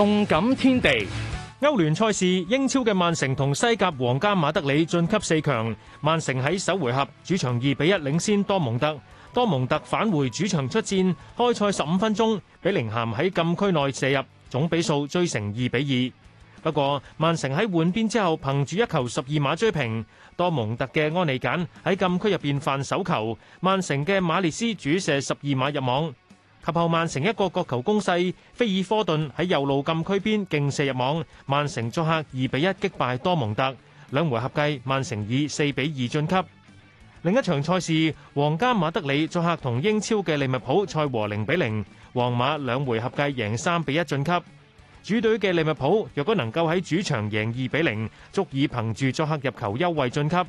動感天地，歐聯賽事，英超嘅曼城同西甲皇家馬德里晉級四強。曼城喺首回合主場二比一領先多蒙特，多蒙特返回主場出戰，開賽十五分鐘，畀凌咸喺禁區內射入，總比數追成二比二。不過曼城喺換邊之後，憑住一球十二碼追平。多蒙特嘅安利簡喺禁區入邊犯手球，曼城嘅馬列斯主射十二碼入網。及後曼城一個角球攻勢，菲爾科頓喺右路禁區邊勁射入網，曼城作客二比一擊敗多蒙特，兩回合計曼城以四比二晉級。另一場賽事，皇家馬德里作客同英超嘅利物浦賽和零比零，皇馬兩回合計贏三比一晉級。主隊嘅利物浦若果能夠喺主場贏二比零，足以憑住作客入球優惠晉級。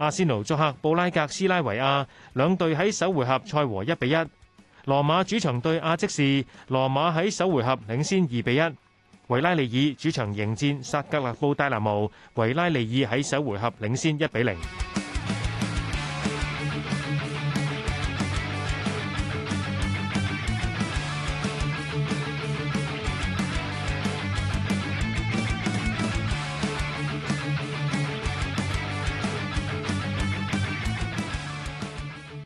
阿仙奴作客布拉格斯拉維亞，兩隊喺首回合賽和一比一。羅馬主場對阿積士，羅馬喺首回合領先二比一。維拉利爾主場迎戰薩格勒布戴拿姆，維拉利爾喺首回合領先一比零。